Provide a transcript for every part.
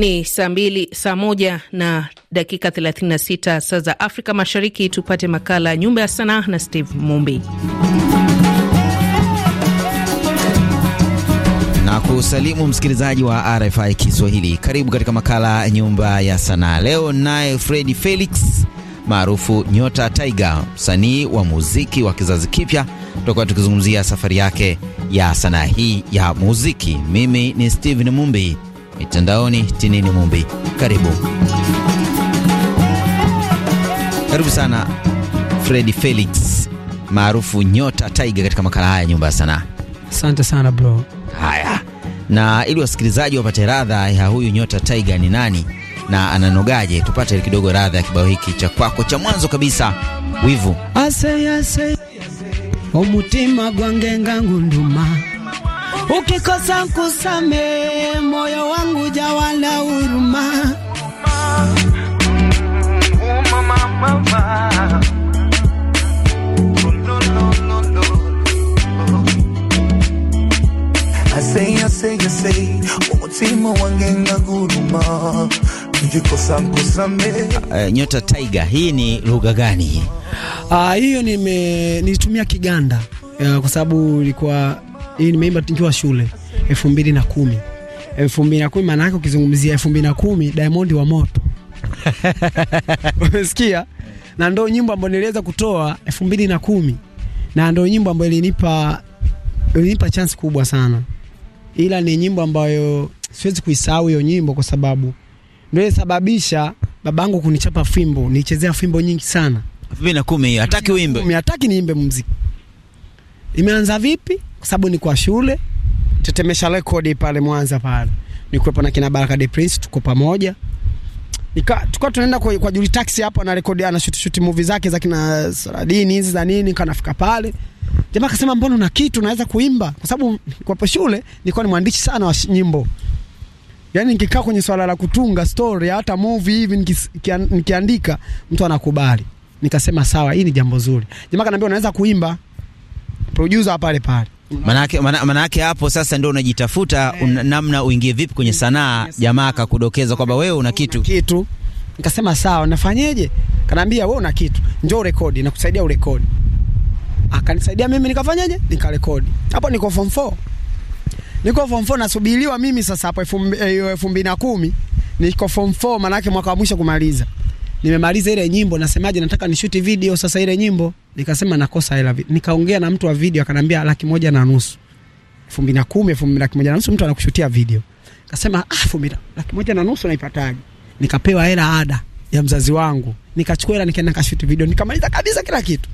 Ni saa mbili saa moja na dakika 36 saa za Afrika Mashariki. Tupate makala Nyumba ya Sanaa na Steve Mumbi na kusalimu msikilizaji wa RFI Kiswahili. Karibu katika makala Nyumba ya Sanaa. Leo naye Fredi Felix maarufu Nyota Taiga, msanii wa muziki wa kizazi kipya. Tutakuwa tukizungumzia safari yake ya sanaa hii ya muziki. Mimi ni Steven Mumbi mitandaoni. Tinini Mumbi, karibu karibu sana Fredi Felix maarufu Nyota taiga katika makala haya Nyumba ya Sanaa. Asante sana bro. Haya, na ili wasikilizaji wapate radha ya huyu Nyota taiga ni nani na ananogaje, tupate kidogo radha ya kibao hiki cha kwako cha mwanzo kabisa, wivu omutima gwange ngunduma ukikosa nkusamehe, moyo wangu jawana huruma. Uh, nyota Tiger, hii ni lugha gani? Ah, hiyo nime nilitumia Kiganda uh, kwa sababu ilikuwa hii nimeimba nikiwa shule elfu mbili na kumi elfu mbili na kumi maana yake ukizungumzia elfu mbili na kumi Diamond wa moto umesikia na ndo nyimbo ambayo niliweza kutoa elfu mbili na kumi na ndo nyimbo ambayo ilinipa ilinipa chance kubwa sana ila ni nyimbo ambayo siwezi kuisahau hiyo nyimbo kwa sababu ndio ilisababisha babangu kunichapa fimbo nichezea fimbo nyingi sana 2010 hataki uimbe hataki niimbe muziki imeanza vipi kwa sababu ni kwa shule tetemesha rekodi pale Mwanza pale, nikuwepo na kina Baraka de Prince, tuko pamoja nika tukawa tunaenda kwa, kwa Juli Taxi hapo, ana rekodi ana shoot shoot movie zake za kina Saladini hizi za nini. Kanafika pale jamaa akasema, mbona una kitu naweza kuimba, kwa sababu kwa shule nilikuwa ni mwandishi sana wa nyimbo Yaani nikikaa kwenye swala la kutunga story hata movie hivi nikiandika mtu anakubali. Nikasema sawa, hii ni jambo zuri. Jamaa kanambia, unaweza kuimba. Producer pale pale. Manake, manake hapo sasa ndio unajitafuta eh. un, namna uingie vipi kwenye sanaa. Jamaa akakudokeza kwamba wewe una kitu kitu, nikasema sawa, nafanyeje? Kanaambia wewe una kitu, njoo rekodi, nakusaidia urekodi. Akanisaidia mimi nikafanyaje, nikarekodi. Hapo niko form 4, niko form 4, nasubiriwa mimi sasa hapo 2010 eh, niko form 4, manake mwaka wa mwisho kumaliza nimemaliza ile nyimbo, nasemaje, nataka nishuti video sasa ile nyimbo. Nikasema nakosa hela, nikaongea na mtu wa video akanambia laki moja na nusu, elfu mbili na kumi, elfu mbili laki moja na nusu, mtu anakushutia video. Kasema ah, elfu mbili laki moja na nusu naipataje? Nikapewa hela ada ya mzazi wangu, nikachukua hela nikaenda kashuti video, nikamaliza kabisa kila kitu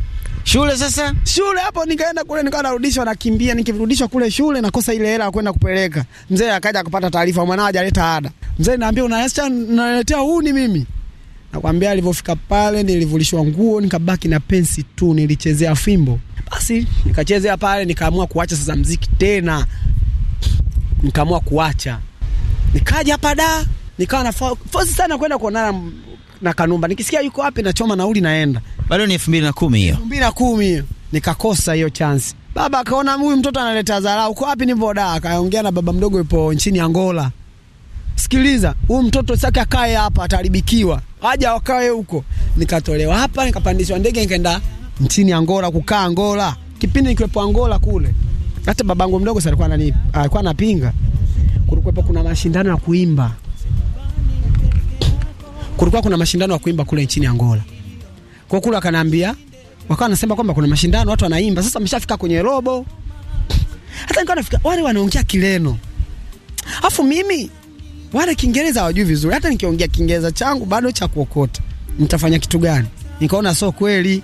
shule sasa, shule hapo, nikaenda kule, nikawa narudishwa, nakimbia. Nikirudishwa kule shule, nakosa ile hela ya kwenda kupeleka. Mzee akaja akapata taarifa, mwanao hajaleta ada. Mzee naambia, unaacha naletea huni mimi Nakwambia, alivyofika pale nilivulishwa nguo, nikabaki na pensi tu, nilichezea fimbo. Basi nikachezea pale, nikaamua kuacha sasa mziki tena, nikaamua kuacha. Nikaja hapa da, nikawa na fosi sana kwenda kuonana na Kanumba, nikisikia yuko wapi, nachoma nauli naenda. Bado ni elfu mbili na kumi hiyo, elfu mbili na kumi hiyo, nikakosa hiyo chansi. Baba akaona huyu mtoto analeta dharau, uko wapi? Nipo da. Akaongea na baba mdogo, yupo nchini Angola sikiliza, huyu mtoto saka akae hapa, ataribikiwa, aja wakae huko. Nikatolewa hapa, nikapandishwa ndege, nikaenda nchini Angola kukaa Angola, kipindi nikiwepo Angola kule. Hata babangu mdogo sasa alikuwa anani alikuwa anapinga, kulikuwepo kuna mashindano ya kuimba, kulikuwa kuna mashindano ya kuimba kule nchini Angola. Kwa kule akaniambia, wakawa nasema kwamba kuna mashindano watu wanaimba. Sasa ameshafika kwenye robo, hata nikawa nafika, wale wanaongea kileno, afu mimi wale Kiingereza hawajui vizuri. Hata nikiongea Kiingereza changu bado cha kuokota, nitafanya kitu gani? Nikaona sio kweli,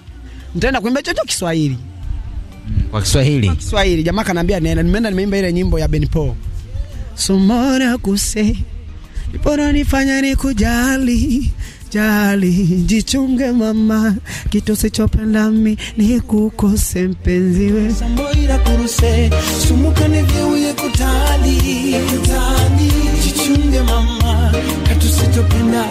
nitaenda kuimba chocho Kiswahili mm, kwa Kiswahili, kwa Kiswahili. Jamaa kanaambia nenda, nimeenda nimeimba ile nyimbo ya Ben Paul, sumona kuse ipora nifanya ni kujali jali, jichunge mama, kitu sichopenda mimi ni kukose mpenzi wewe, samboira kuruse sumuka ni vyeuye kutali kutali nichunge mama, katusitopenda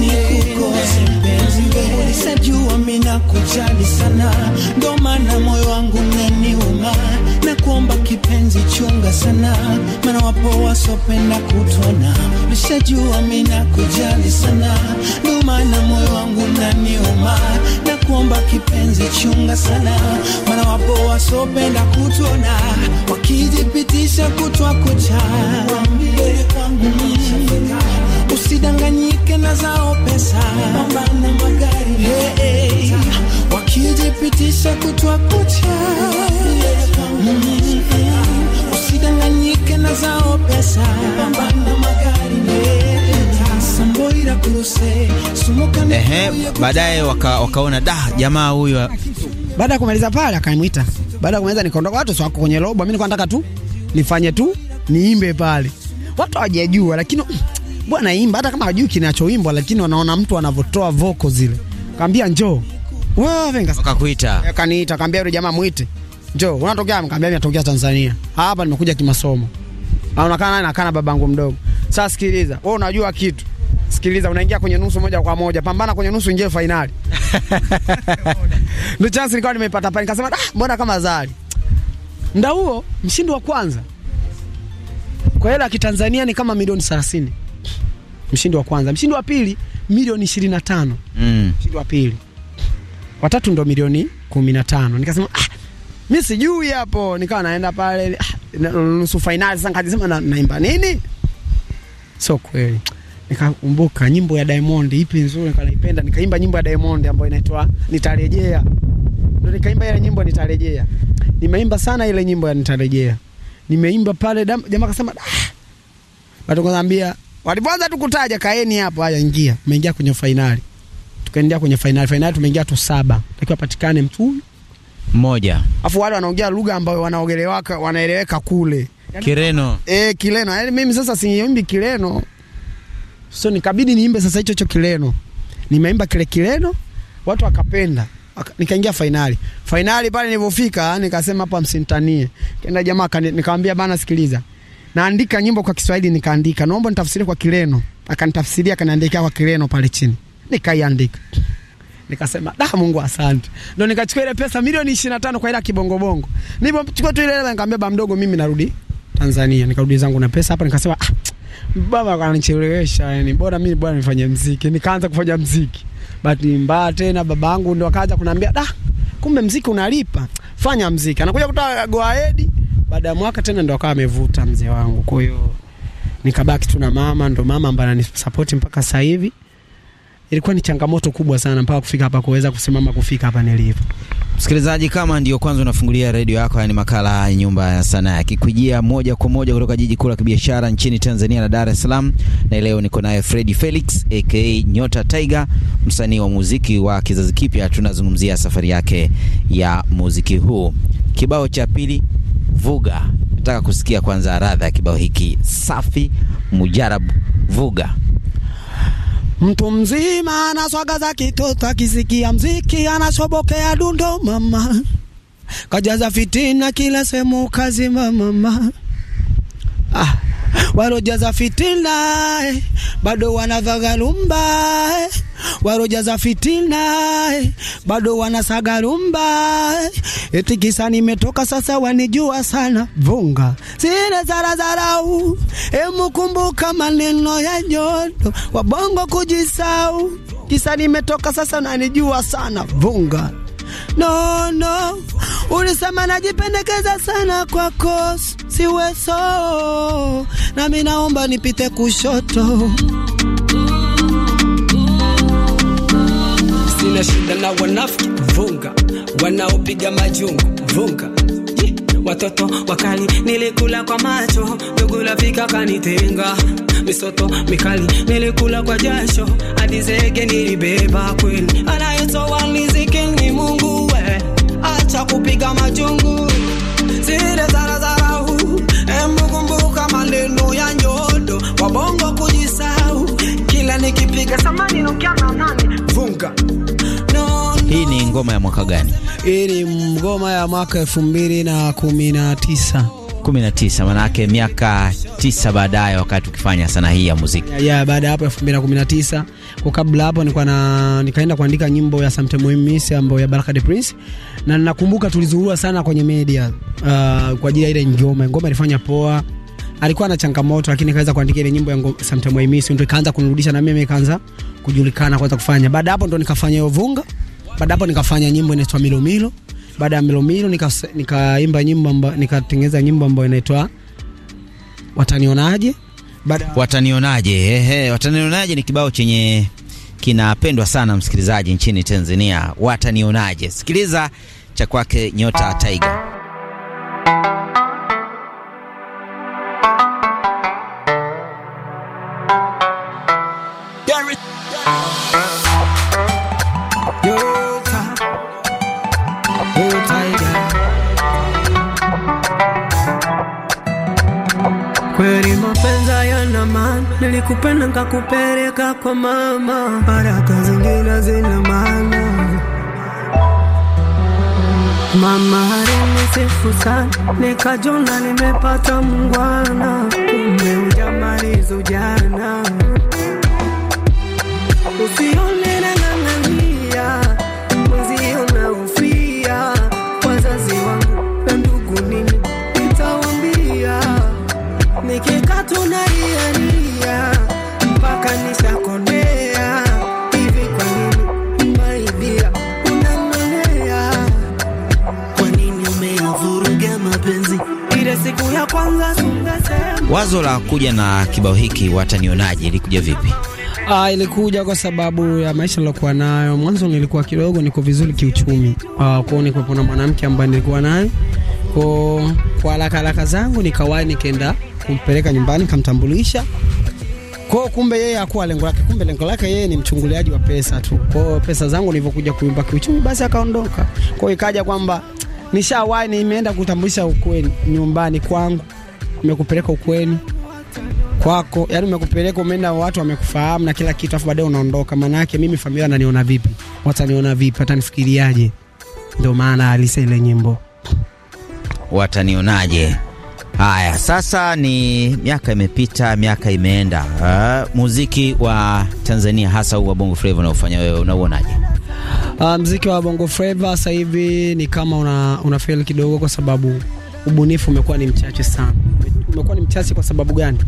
nikukose mpenzi, ulisajua mina kujali sana, ndo maana moyo wangu unaniuma na kuomba kipenzi, chunga sana, maana wapo wasopenda kutona. Ulishajua mina kujali sana, ndo maana moyo wangu unaniuma na kuomba kipenzi, chunga sana, maana wapo wasopenda kutona, wakijipitisha kutwa kucha, waambie kwangu baadaye waka, wakaona da jamaa huyu. Baada ya kumaliza pale akamwita baada ya kumaliza nikaondoka. Watu sio kwenye robo, mimi nilikuwa nataka tu nifanye tu niimbe pale, watu hawajajua, lakini mm, bwana imba, hata kama hajui kinachoimbwa, lakini wanaona mtu anavotoa voko zile. Kaambia njoo akakuita Akaniita, kaambia yule jamaa muite. Njoo, unatokea? Mkaambia mimi natokea Tanzania. Hapa nimekuja kimasomo. Anaonekana naye kana babangu mdogo. Sasa sikiliza, wewe unajua kitu sikiliza, unaingia kwenye nusu moja kwa moja, pambana kwenye nusu, ingie fainali. Ndio chance nikawa nimeipata pale, nikasema ah, mbona kama Zari nda huo mshindi wa kwanza kwa hela ya Kitanzania ni kama milioni 30. Mshindi wa kwanza, mshindi wa pili milioni 25. Mm. Mshindi wa pili, watatu ndo milioni 15. Nikasema ah, mimi sijui hapo, nikawa naenda pale ah, nusu fainali. Sasa nikasema na, nini? Sio kweli nikakumbuka nyimbo ya Diamond, ipi nzuri, nikanaipenda, nikaimba nyimbo ya Diamond ambayo inaitwa Nitarejea. ndo nikaimba ile nyimbo Nitarejea. Nimeimba sana ile nyimbo ya Nitarejea. Nimeimba pale, jamaa akasema ah. Watu kanaambia walipoanza tukutaja kaeni hapo, haya ingia. Umeingia kwenye finali, tukaendea kwenye finali. Finali tumeingia tu saba. Takiwa patikane mtu mmoja. Afu wale wanaongea lugha ambayo wanaogelewaka wanaeleweka kule. Kireno. Eh, Kireno. Yaani mimi sasa siimbi Kireno So nikabidi niimbe sasa hicho hicho kileno. Nimeimba kile kileno, watu wakapenda. Nikaingia fainali. Fainali pale nilipofika nikasema hapa msinitanie. Kenda jamaa nikamwambia bana, sikiliza. Naandika nyimbo kwa Kiswahili nikaandika. Naomba nitafsiri kwa Kireno. Akanitafsiria akaniandikia kwa Kireno pale chini. Nikaiandika. Nikasema da, Mungu asante. Ndio nikachukua ile pesa milioni 25 kwa ile kibongo bongo. Nilipochukua tu ile hela, nikamwambia ba mdogo, mimi narudi Tanzania. Nikarudi zangu na pesa hapa nikasema ah baba akanichelewesha, yani bora mimi bwana nifanye mziki. Nikaanza kufanya mziki, bahati mbaya tena baba angu ndo akaanza kuniambia da, kumbe mziki unalipa, fanya mziki. Anakuja kutoa goaedi, baada ya mwaka tena ndo akawa amevuta mzee wangu. Kwa hiyo nikabaki tu na mama, ndo mama ambaye ananisapoti mpaka sasa hivi ilikuwa ni changamoto kubwa sana mpaka kufika hapa, kuweza kusimama kufika hapa nilipo. Msikilizaji, kama ndio kwanza unafungulia redio yako, yani makala ya Nyumba ya Sanaa yakikujia moja kwa moja kutoka jiji kuu la kibiashara nchini Tanzania la Dar es Salaam, na leo niko naye Freddy Felix aka Nyota Tiger, msanii wa muziki wa kizazi kipya. Tunazungumzia safari yake ya muziki huu. Kibao cha pili Vuga, nataka kusikia kwanza radha ya kibao hiki safi Mujarab Vuga. Mtu mzima anaswagaza kitoto, akisikia mziki anashobokea dundo mama, kajaza fitina kila sehemu kazima mama ah warojaza fitina bado wanadhagalumba eh. warojaza fitina bado wanasagalumba eh. eti kisa nimetoka sasa wanijua sana vunga sina zarazarau emukumbuka maneno ya jodo wabongo kujisau kisa nimetoka sasa nanijua sana vunga no, no. Ulisema najipendekeza sana kwako, siweso nami naomba nipite kushoto sina shida na wanafiki vunga, wanaopiga majungu vunga, yeah. Watoto wakali nilikula kwa macho, ndugu rafiki kanitenga, misoto mikali nilikula kwa jasho, hadi zege nilibeba, kweli anayeto walizike ni Mungu kupiga machungu zile zarazarau, emkumbuka maneno ya nyodo wabongo kujisau, kila nikipiga samani nukiana nani funga hii ni ngoma ya mwaka gani? Hii ni ngoma ya mwaka elfu mbili na kumi na tisa. 19 manake miaka tisa baadaye, wakati ukifanya sana hii ya muziki ya yeah, yeah, baada ya hapo 2019. Kwa kabla hapo nilikuwa na nikaenda kuandika nyimbo ya Sometimes We Miss ambayo ya Baraka the Prince, na nakumbuka tulizurua sana kwenye media uh, kwa ajili ya ile ngoma. Ngoma ilifanya poa, alikuwa na changamoto, lakini nikaweza kuandika ile nyimbo ya Sometimes We Miss, ndio ikaanza kunirudisha na mimi nikaanza kujulikana, kwanza kufanya. Baada hapo ndo nikafanya hiyo vunga, baada hapo nikafanya nyimbo inaitwa Milomilo Milo baada ya Milomilo nikaimba nika nyimbo nikatengeneza nyimbo ambayo inaitwa Watanionaje. Baada Watanionaje, ehe, Watanionaje ni kibao chenye kinapendwa sana msikilizaji nchini Tanzania. Watanionaje, sikiliza cha kwake Nyota Tiger. Yeah. kweli mapenza yana maana, nilikupenda nikakupeleka kwa mama, baraka zingine zina maana. Mama alinisifu sana, nikajona nimepata mungwana, kumbe ujamaliza ujana Wazo la kuja na kibao hiki watanionaje ilikuja vipi? Uh, ilikuja kwa sababu ya maisha nilokuwa nayo mwanzo. Nilikuwa kidogo niko vizuri kiuchumi, uh, ah, kwao nikuwepo na mwanamke ambaye nilikuwa naye kwa kwa haraka haraka zangu, nikawahi nikaenda kumpeleka nyumbani, kamtambulisha Kwa Kumbe yeye hakuwa lengo lake, kumbe lengo lake yeye ni mchunguliaji wa pesa tu. Kwa pesa zangu nilivyokuja kuimba kiuchumi, basi akaondoka. Kwa ikaja kwamba nishawahi nimeenda kutambulisha ukweli nyumbani kwangu umekupeleka ukweni kwako, yani umekupeleka umeenda, watu wamekufahamu na kila kitu, afu baadaye unaondoka. Maana yake mimi familia ananiona vipi? Wataniona vipi? Watanifikiriaje? Ndio maana alisa ile nyimbo watanionaje. Haya, sasa ni miaka imepita, miaka imeenda. Uh, muziki wa Tanzania hasa huu wa Bongo Flava unaofanya wewe unauonaje? Uh, muziki wa Bongo Flava sasa hivi ni kama una, una kidogo, kwa sababu ubunifu umekuwa ni mchache sana umekuwa ni mchasi kwa sababu gani?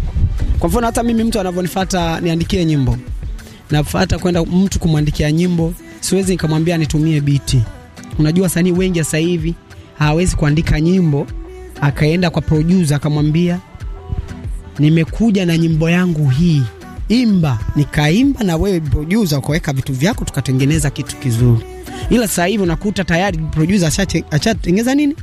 Kwa mfano hata mimi mtu anavyonifuata niandikie nyimbo, nafuata kwenda mtu kumwandikia nyimbo, siwezi nikamwambia nitumie biti. Unajua wasanii wengi sasa hivi hawezi kuandika nyimbo akaenda kwa producer akamwambia nimekuja na nyimbo yangu hii imba, nikaimba na wewe producer ukaweka vitu vyako, tukatengeneza kitu kizuri. Ila sasa hivi unakuta tayari producer ashatengeza nini,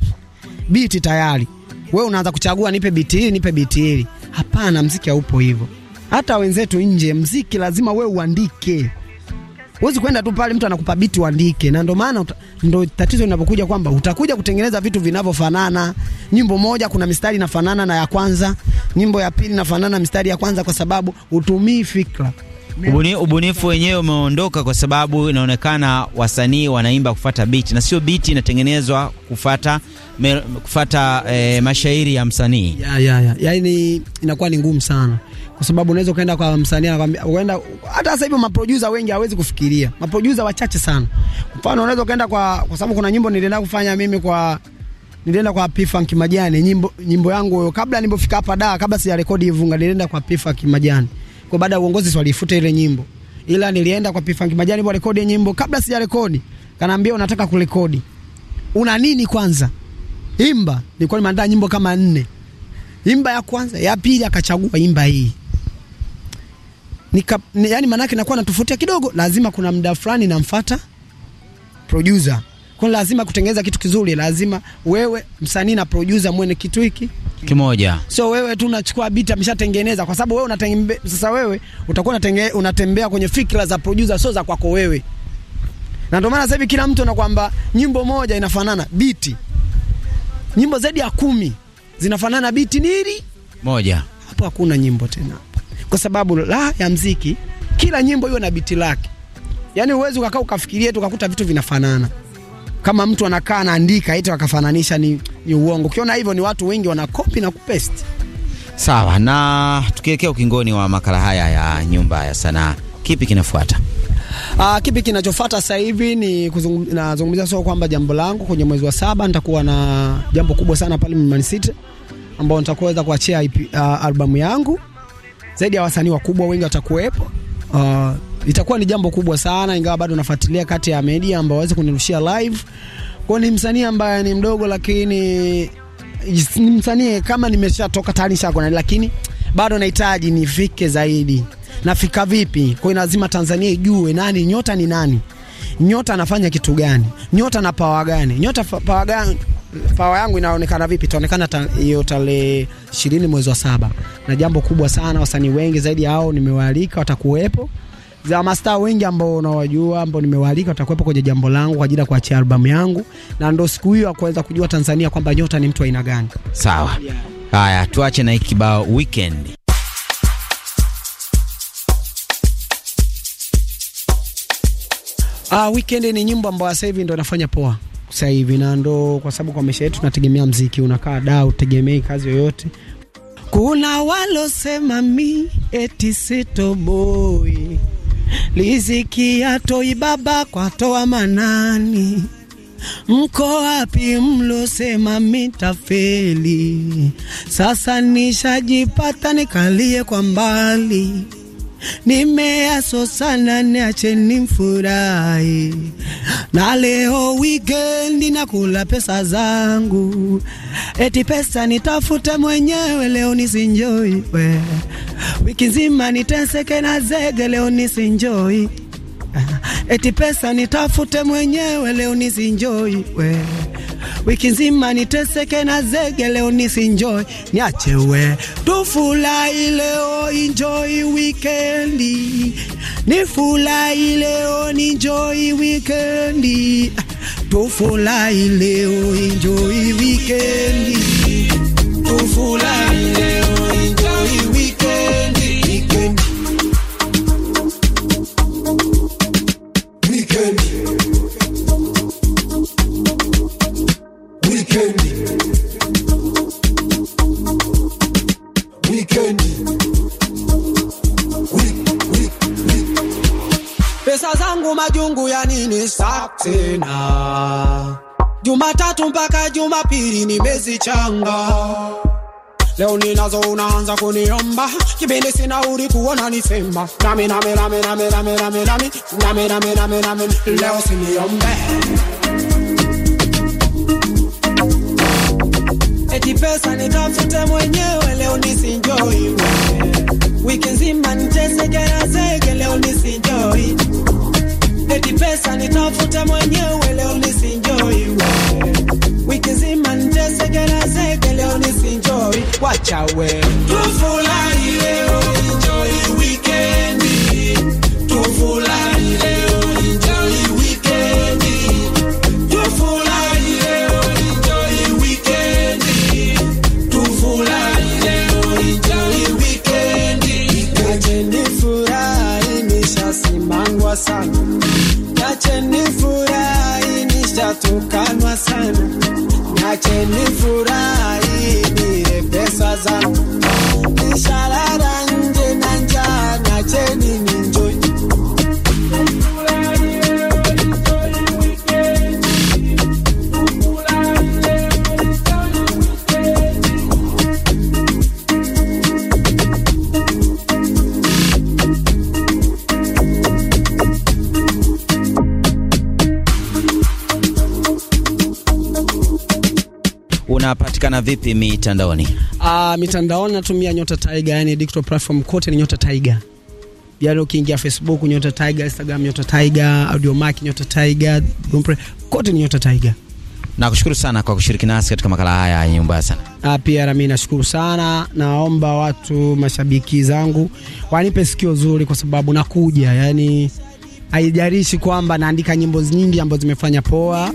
biti tayari wewe unaanza kuchagua nipe biti hili, nipe biti hili. Hapana, mziki haupo hivyo. Hata wenzetu nje, mziki lazima wewe uandike. Huwezi kwenda tu pale mtu anakupa biti uandike. Na ndo maana ndo tatizo linapokuja kwamba utakuja kutengeneza vitu vinavyofanana. Nyimbo moja kuna mistari inafanana na ya kwanza, nyimbo ya pili inafanana na mistari ya kwanza kwa sababu utumii fikra. Ubuni, ubunifu wenyewe umeondoka kwa sababu inaonekana wasanii wanaimba kufata biti na sio biti inatengenezwa kufata, me, kufata e, mashairi ya msanii yeah, yeah, yeah. Yaani inakuwa ni ngumu sana kwa sababu unaweza ukaenda kwa msanii anakwambia uenda hata sasa hivi maproducer wengi hawezi kufikiria, maproducer wachache sana. Mfano unaweza ukaenda kwa, kwa sababu kuna nyimbo nilienda kufanya mimi kwa nilienda kwa Pifa Kimajani, nyimbo nyimbo yangu kabla nilipofika hapa da, kabla sija rekodi Ivunga, nilienda kwa Pifa Kimajani kwa baada ya uongozi walifuta ile nyimbo, ila nilienda kwa Pifanki Majani kwa rekodi nyimbo. Kabla sija rekodi, kanaambia unataka kurekodi, una nini kwanza? Imba. Nilikuwa nimeandaa nyimbo kama nne, imba ya kwanza, ya pili, akachagua imba hii nika ni, yani maanake nakuwa natofautia kidogo, lazima kuna muda fulani namfata producer kwa lazima kutengeneza kitu kizuri, lazima wewe msanii na producer mwene kitu hiki kimoja, sio wewe tu unachukua beat ameshatengeneza, kwa sababu wewe unatembe, sasa wewe utakuwa unatembea kwenye fikra za producer, sio za kwako wewe. Na ndio maana sasa hivi kila mtu anakuambia nyimbo moja inafanana beat, nyimbo zaidi ya kumi zinafanana beat nili moja. Hapo hakuna nyimbo tena, kwa sababu la ya mziki kila nyimbo iwe na beat lake. Yani uwezi ukakaa ukafikiria tu ukakuta vitu vinafanana kama mtu anakaa anaandika eti wakafananisha ni, ni uongo. Ukiona hivyo ni watu wengi wanakopi na kupesti. Sawa, na tukielekea ukingoni wa makala haya ya nyumba ya sanaa, kipi kinafuata? Uh, kipi kinachofuata sasa hivi ni nazungumzia sio kwamba jambo langu kwenye mwezi wa saba nitakuwa na jambo kubwa sana pale Mlimani City ambao nitakuweza kuachia uh, albamu yangu. Zaidi ya wasanii wakubwa wengi watakuwepo. Uh, itakuwa ni jambo kubwa sana, ingawa bado nafuatilia kati ya media ambao waweze kunirushia live. Kwa ni msanii ambaye ni mdogo, lakini ni msanii kama nimeshatoka shako na, lakini bado nahitaji nifike zaidi. Nafika vipi? Kwa hiyo lazima Tanzania ijue nani nyota ni nani, nyota anafanya kitu gani, nyota na pawa gani, nyota pawa gani pawa yangu inaonekana vipi? Itaonekana hiyo ta, tarehe ishirini mwezi wa saba, na jambo kubwa sana. Wasanii wengi zaidi hao nimewaalika watakuwepo za mastaa wengi ambao unawajua ambao nimewaalika watakuwepo kwenye jambo langu kwa ajili ya kuachia albamu yangu, na ndo siku hiyo akuweza kujua Tanzania kwamba nyota ni mtu aina gani. Sawa, haya yeah. Tuache na ikibao weekend Ah, weekend ni nyimbo ambayo sasa hivi ndo nafanya poa sasa hivi, na ndo kwa sababu kwa maisha yetu tunategemea mziki, unakaa da utegemei kazi yoyote. Kuna walosema mi eti sitoboi Riziki yatoi baba kwa toa manani, mko wapi mlosema mitafeli? Sasa nishajipata nikalie kwa mbali nimeasosana niache mfurahi. Na leo wikendi nakula pesa zangu, eti pesa nitafute mwenyewe, leo nisinjoi. We wiki nzima niteseke na zege, leo nisinjoi. Eti pesa nitafute mwenyewe, leo nisinjoi. We wiki nzima niteseke na zege, leo nisinjoi niachewe, tufurahi leo, enjoy weekend ni nifurahi leo, enjoy weekend tufurahi leo, enjoy wikendi, tufurahi Shida zangu majungu ya nini saktena, Jumatatu mpaka Jumapili nimezichanga Leo ninazo unaanza kuniomba kibindi sina uri kuona nisema nami nami nami nami nami nami nami nami nami nami nami leo siniombe eti pesa nitafute mwenyewe leo nisinjoi wiki nzima niteseke zege leo nisinjoi Leti pesa nitafuta mwenyewe, leo nisinjoi wewe, wiki zima niteseke joy. Watch leo nisinjoi, wacha wewe tufurahi leo unapatikana vipi mitandaoni? Uh, mitandaoni natumia Nyota Tiger, yani digital platform kote ni Nyota Tiger. Yaani ukiingia Facebook Nyota Tiger, Instagram Nyota Tiger, audio Audiomack Nyota Tiger, Bumpre, kote ni Nyota Tiger. Nakushukuru sana kwa kushiriki nasi katika makala haya ya nyumba sana. Ah, pia nami nashukuru sana. Naomba watu mashabiki zangu wanipe sikio zuri, kwa sababu nakuja, yani haijarishi kwamba naandika nyimbo nyingi ambazo zimefanya poa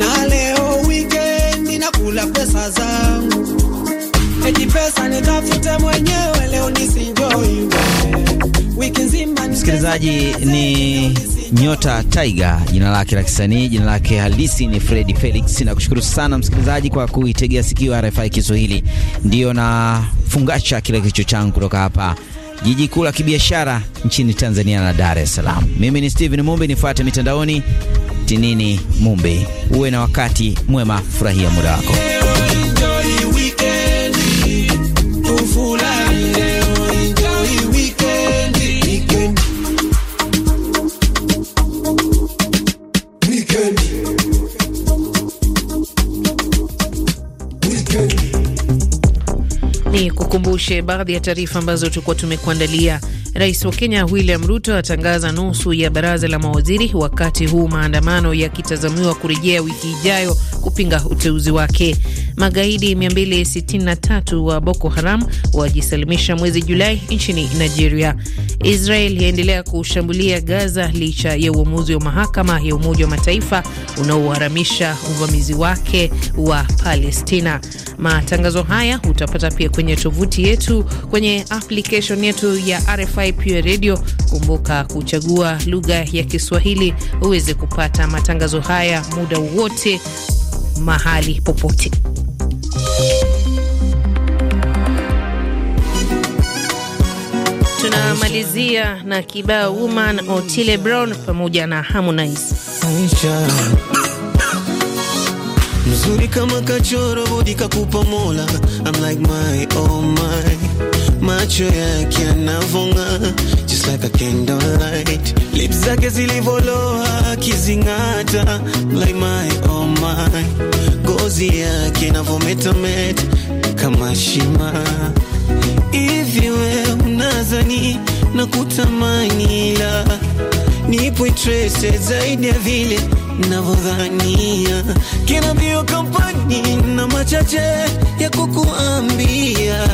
na leo weekend nakula pesa zangu, eti pesa nitafute mwenyewe leo nisinjoi. Wiki nzima msikilizaji ni Nyota Tiger jina lake la kisanii, jina lake halisi ni fredi Felix. Nakushukuru sana msikilizaji kwa kuitegea sikio RFI Kiswahili. Ndiyo na fungasha kile kicho changu kutoka hapa jiji kuu la kibiashara nchini Tanzania na Dar es Salaam. Mimi ni Steven Mumbi, nifuate mitandaoni Tinini Mumbi. Uwe na wakati mwema, furahia muda wako. Ni kukumbushe baadhi ya taarifa ambazo tulikuwa tumekuandalia Rais wa Kenya William Ruto atangaza nusu ya baraza la mawaziri, wakati huu maandamano yakitazamiwa kurejea wiki ijayo kupinga uteuzi wake. Magaidi 263 wa Boko Haram wajisalimisha mwezi Julai nchini Nigeria. Israel yaendelea kushambulia Gaza licha ya uamuzi wa mahakama ya Umoja wa Mataifa unaoharamisha uvamizi wake wa Palestina. Matangazo haya utapata pia kwenye tovuti yetu, kwenye application yetu ya RFI Pure Radio. Kumbuka kuchagua lugha ya Kiswahili uweze kupata matangazo haya muda wote mahali popote. Tunamalizia na kibao Woman Otile Brown pamoja na Harmonize. Mzuri kama kachoro budi kakupa Mola. I'm like my oh my, macho yake yanavonga just like a candlelight, lips zake zilivoloa kizingata, like my oh my, gozi yake inavometameta kama shima hivi, we unazani na kutamani, ila nipo interested zaidi ya vile navyodhania, kinabio kampani na machache ya kukuambia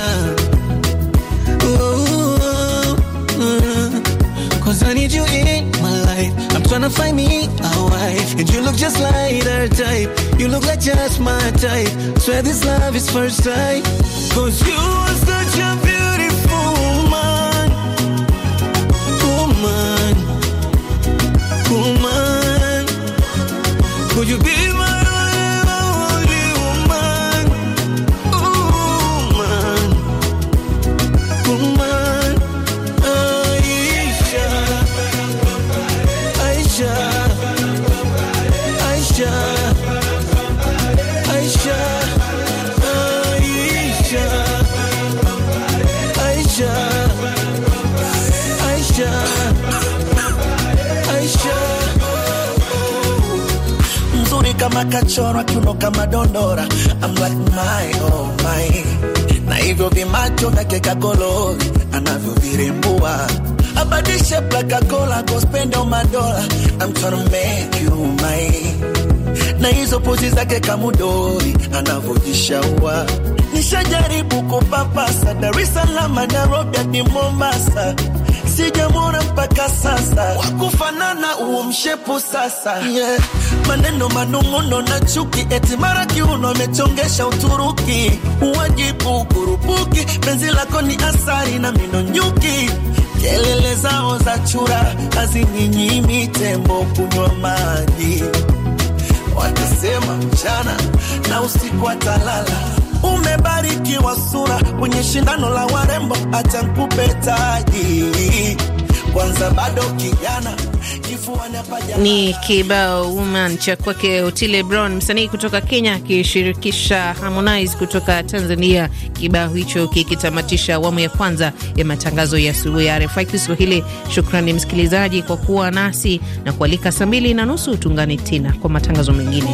gonna find me a wife. And you look just like her type. You look like just my type. Swear this love is first sight. Cause you are such a beautiful woman. Woman. Woman. Could you be? kama kachoro kiuno kama dondora. I'm like my oh my, na hivyo vimacho kolori anavyo virembua abadishe plaka kola go spend my dollar I'm trying to make you my na hizo pozi zake kamudori anavyojishaua. Nishajaribu kupapasa Dar es Salaam, Nairobi hadi Mombasa sijamwona mpaka sasa, wakufanana uo mshepu sasa, yeah. Maneno manung'uno na chuki, eti mara kiuno amechongesha Uturuki, uwajibu kurupuki, penzi lako ni asari na mino nyuki kelele zao za chura hazinyimi tembo kunywa maji, watasema mchana na usiku atalala umebarikiwa sura kwenye shindano la warembo, acha nkupe taji kwanza, bado kijana ni kibao woman cha kwake Otile Brown, msanii kutoka Kenya akishirikisha Harmonize kutoka Tanzania. Kibao hicho kikitamatisha awamu ya kwanza ya matangazo ya asubuhi ya RFI Kiswahili. Shukrani msikilizaji kwa kuwa nasi na kualika, saa mbili na nusu tungane tena kwa matangazo mengine.